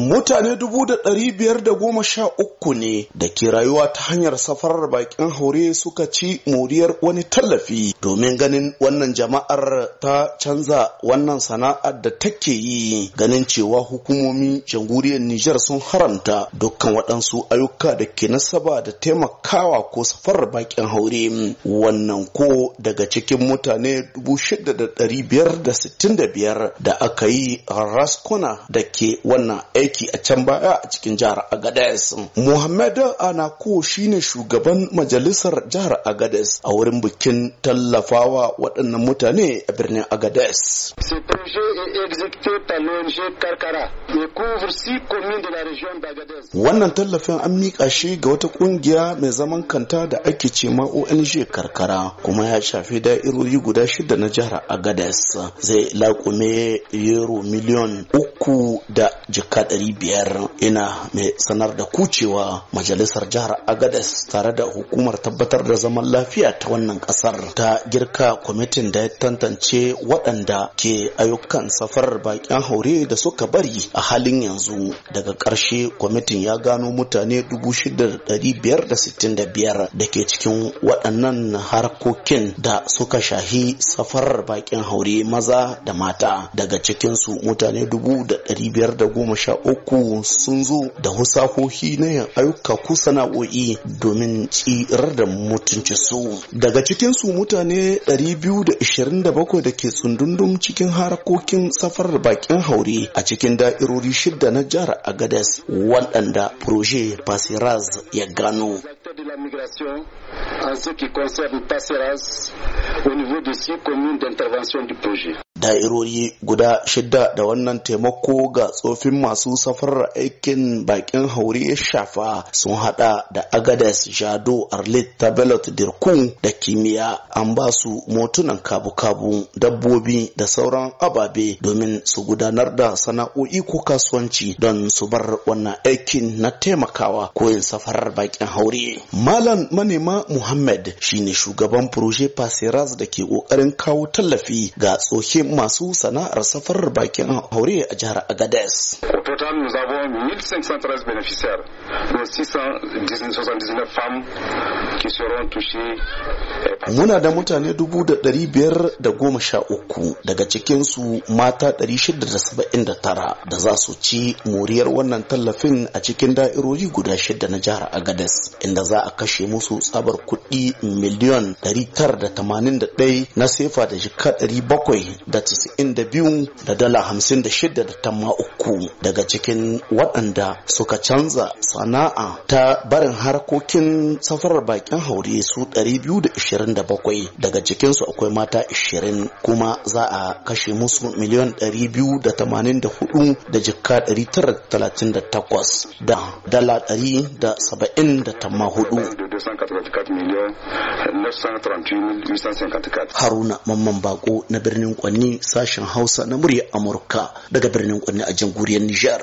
mutane dubu da dari biyar da goma sha uku ne da ke rayuwa ta hanyar safarar bakin haure suka ci moriyar wani tallafi domin ganin wannan jama'ar ta canza wannan sana'ar da take yi ganin cewa hukumomi jamhuriyar Nijar sun haramta dukkan waɗansu ayyuka da ke nasaba da taimakawa ko safarar bakin haure wannan ko daga cikin mutane dubu shida da dari biyar da sittin da biyar da aka yi raskuna da ke wannan aiki a can baya a cikin jihar Agadez. Muhammad Anako shine shugaban majalisar jihar Agadez a wurin bikin tallafawa waɗannan mutane a birnin Agadez. Wannan tallafin an miƙa shi ga wata ƙungiya mai zaman kanta da ake ce ma ONG karkara kuma ya shafi da'irori guda shida na jihar Agadez zai laƙume euro miliyan uku da jika 500 ina mai sanar da kucewa majalisar jihar agadas tare da hukumar tabbatar da zaman lafiya ta wannan ƙasar ta girka kwamitin da ya tantance waɗanda ke ayyukan safarar bakin haure da suka bari a halin yanzu daga ƙarshe kwamitin ya gano mutane 6,565 da ke cikin waɗannan harkokin da suka shahi safarar bakin haure maza da mata daga cikinsu mutane uku sun zo da husahohi na yin ayyuka ko sana'o'i domin tsirar da mutunci su daga cikin su mutane 227 da ke tsundundum cikin harakokin safar bakin haure a cikin da'irori shidda na jihar agadas waɗanda proje pasiraz ya gano en ce qui concerne Passeras au niveau des six communes d'intervention du projet. da'irori guda shida da wannan taimako ga tsofin masu safarar aikin bakin hauri ya shafa sun hada da agadas jado arlit tabelot dirkun da kimiyya an ba su motunan kabu-kabu dabbobi da sauran ababe domin su gudanar da sana'o'i ko kasuwanci don su bar wannan aikin na taimakawa koyin safarar bakin hauri. malam manema muhammad shine shugaban proje pasiras da ke kokarin kawo tallafi ga tsohin masu sana'ar safar bakin haure a jihar Agadez. total, nous Muna da mutane dubu da biyar da goma sha uku daga cikinsu mata ɗari shida da saba'in da tara da za su ci moriyar wannan tallafin a cikin da'irori guda shida na jihar Agades inda za a kashe musu tsabar kuɗi miliyon ɗari tara da tamanin da na sefa da jika bakwai da da dala hamsin da shida da daga cikin waɗanda suka canza sana'a ta barin harkokin safarar bakin haure su 227 daga cikinsu akwai mata 20 kuma za a kashe musu miliyan 284 da jikka 938 da dala 174 haruna mamman bako na birnin kwanni sashen Hausa na murya Amurka daga birnin Kwanne a jamhuriyar Nijar.